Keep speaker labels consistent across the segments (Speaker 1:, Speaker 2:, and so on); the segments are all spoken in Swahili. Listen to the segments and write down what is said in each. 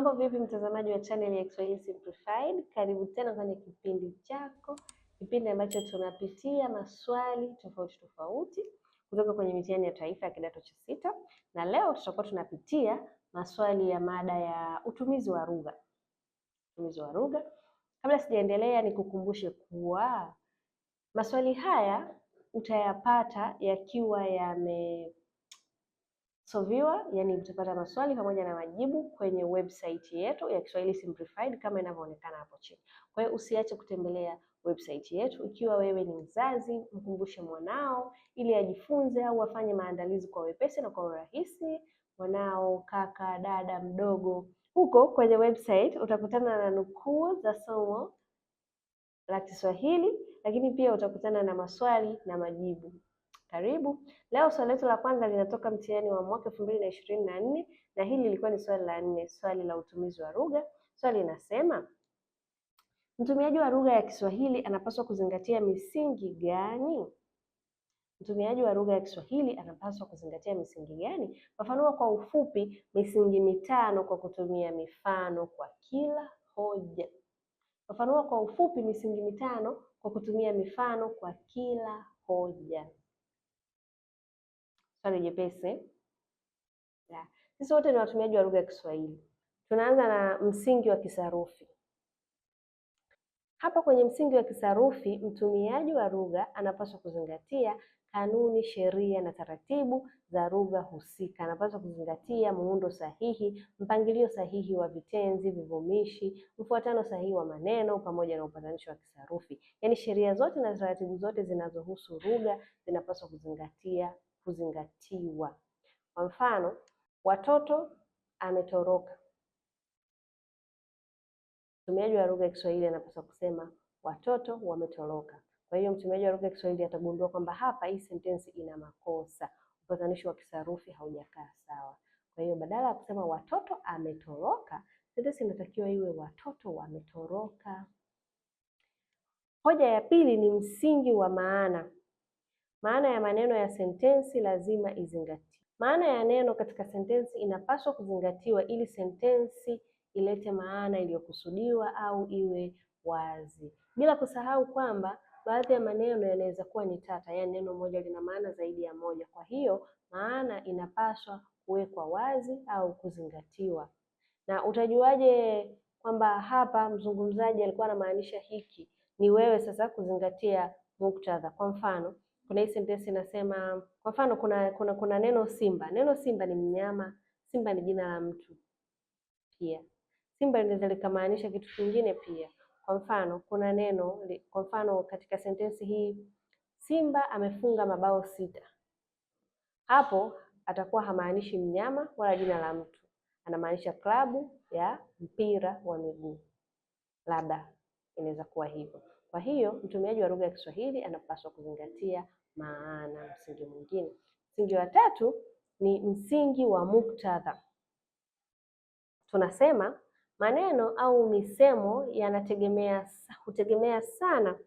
Speaker 1: Mambo vipi, mtazamaji wa channel ya Kiswahili Simplified? Karibu tena kwenye kipindi chako, kipindi ambacho tunapitia maswali tofauti tofauti kutoka kwenye mitihani ya taifa ya kidato cha sita, na leo tutakuwa tunapitia maswali ya mada ya utumizi wa lugha. Utumizi wa lugha. Kabla sijaendelea, nikukumbushe kuwa maswali haya utayapata yakiwa yame So viewer, yani mtapata maswali pamoja na majibu kwenye website yetu ya Kiswahili Simplified kama inavyoonekana hapo chini. Kwa hiyo usiache kutembelea website yetu. Ikiwa wewe ni mzazi, mkumbushe mwanao ili ajifunze au afanye maandalizi kwa wepesi na kwa urahisi. Mwanao, kaka, dada, mdogo. Huko kwenye website utakutana na nukuu za somo la Kiswahili, lakini pia utakutana na maswali na majibu. Karibu. Leo swali letu la kwanza linatoka mtihani wa mwaka elfu mbili na ishirini na nne na hili lilikuwa ni swali la nne, swali la utumizi wa lugha. Swali linasema mtumiaji wa lugha ya Kiswahili anapaswa kuzingatia misingi gani? Mtumiaji wa lugha ya Kiswahili anapaswa kuzingatia misingi gani? Fafanua kwa ufupi misingi mitano kwa kutumia mifano kwa kila hoja. Fafanua kwa ufupi misingi mitano kwa kutumia mifano kwa kila hoja swali jepesi. Sisi wote ni watumiaji wa lugha ya Kiswahili. Tunaanza na msingi wa kisarufi. Hapa kwenye msingi wa kisarufi, mtumiaji wa lugha anapaswa kuzingatia kanuni, sheria na taratibu za lugha husika. Anapaswa kuzingatia muundo sahihi, mpangilio sahihi wa vitenzi, vivumishi, mfuatano sahihi wa maneno pamoja na upatanisho wa kisarufi. Yaani sheria zote na taratibu zote zinazohusu lugha zinapaswa kuzingatia kuzingatiwa. Kwa mfano, watoto ametoroka. Mtumiaji wa lugha ya Kiswahili anapaswa kusema watoto wametoroka. Kwa hiyo mtumiaji wa lugha ya Kiswahili atagundua kwamba hapa hii sentensi ina makosa, upatanishi wa kisarufi haujakaa sawa. Kwa hiyo badala ya kusema watoto ametoroka, sentensi inatakiwa iwe watoto wametoroka. Hoja ya pili ni msingi wa maana. Maana ya maneno ya sentensi lazima izingatiwe. Maana ya neno katika sentensi inapaswa kuzingatiwa ili sentensi ilete maana iliyokusudiwa au iwe wazi, bila kusahau kwamba baadhi ya maneno yanaweza kuwa ni tata, yaani neno moja lina maana zaidi ya moja. Kwa hiyo maana inapaswa kuwekwa wazi au kuzingatiwa. Na utajuaje kwamba hapa mzungumzaji alikuwa anamaanisha hiki? Ni wewe sasa kuzingatia muktadha. Kwa mfano kuna hii sentensi inasema, kwa mfano kuna, kuna kuna neno simba. Neno simba ni mnyama, simba ni jina la mtu pia. Simba linaweza likamaanisha kitu kingine pia. Kwa mfano kuna neno, kwa mfano katika sentensi hii Simba amefunga mabao sita. Hapo atakuwa hamaanishi mnyama wala jina la mtu, anamaanisha klabu ya mpira wa miguu, labda inaweza kuwa hivyo. Kwa hiyo mtumiaji wa lugha ya Kiswahili anapaswa kuzingatia maana msingi mwingine. Msingi wa tatu ni msingi wa muktadha. Tunasema maneno au misemo yanategemea hutegemea sana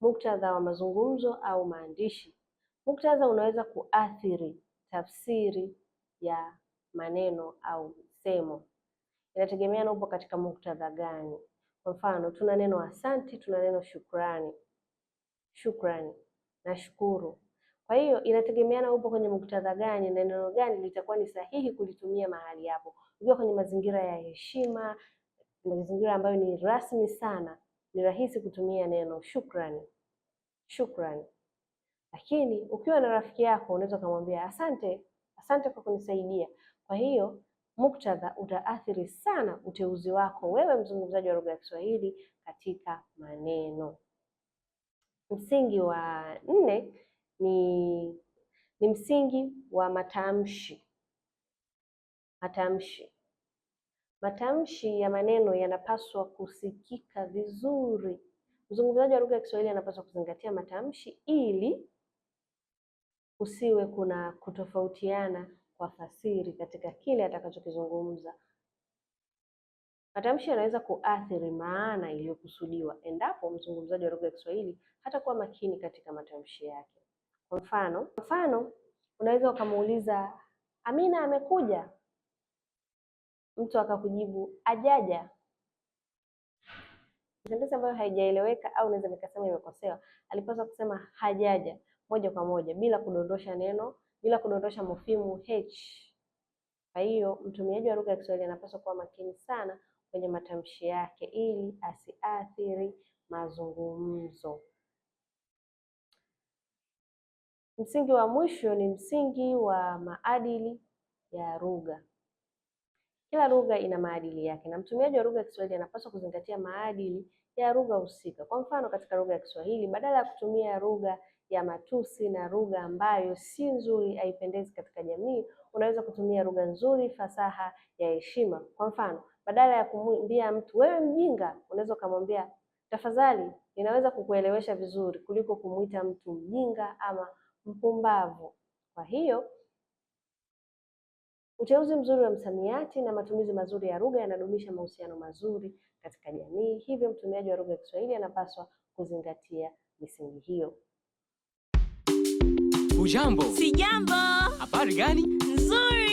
Speaker 1: muktadha wa mazungumzo au maandishi. Muktadha unaweza kuathiri tafsiri ya maneno au misemo, inategemea na upo katika muktadha gani. Kwa mfano tuna neno asante, tuna neno shukrani, shukrani, nashukuru. Kwa hiyo inategemeana upo kwenye muktadha gani na neno gani litakuwa ni sahihi kulitumia mahali hapo. Ukiwa kwenye mazingira ya heshima, mazingira ambayo ni rasmi sana, ni rahisi kutumia neno shukrani, shukrani. Lakini ukiwa na rafiki yako unaweza ukamwambia asante, asante kwa kunisaidia. Kwa hiyo muktadha utaathiri sana uteuzi wako wewe mzungumzaji wa lugha ya Kiswahili katika maneno. Msingi wa nne ni ni msingi wa matamshi. Matamshi, matamshi ya maneno yanapaswa kusikika vizuri. Mzungumzaji wa lugha ya Kiswahili anapaswa kuzingatia matamshi ili kusiwe kuna kutofautiana kwa fasiri katika kile atakachokizungumza. Matamshi yanaweza kuathiri maana iliyokusudiwa endapo mzungumzaji wa lugha ya Kiswahili hatakuwa makini katika matamshi yake. Kwa mfano, mfano unaweza ukamuuliza Amina amekuja, mtu akakujibu ajaja. Sentensi ambayo haijaeleweka au naweza nikasema imekosewa, alipaswa kusema hajaja moja kwa moja bila kudondosha neno bila kudondosha mofimu H. Kwa hiyo mtumiaji wa lugha ya Kiswahili anapaswa kuwa makini sana kwenye matamshi yake ili asiathiri mazungumzo. Msingi wa mwisho ni msingi wa maadili ya lugha. Kila lugha ina maadili yake na mtumiaji wa lugha ya Kiswahili anapaswa kuzingatia maadili ya lugha husika. Kwa mfano, katika lugha ya Kiswahili badala ya kutumia lugha ya matusi na lugha ambayo si nzuri, haipendezi katika jamii, unaweza kutumia lugha nzuri, fasaha ya heshima. Kwa mfano, badala ya kumwambia mtu wewe mjinga, unaweza ukamwambia tafadhali, ninaweza kukuelewesha vizuri kuliko kumwita mtu mjinga ama mpumbavu. Kwa hiyo uteuzi mzuri wa msamiati na matumizi mazuri ya lugha yanadumisha mahusiano mazuri katika jamii. Hivyo mtumiaji wa lugha ya Kiswahili anapaswa kuzingatia misingi hiyo. Hujambo? Sijambo. Habari gani? Nzuri.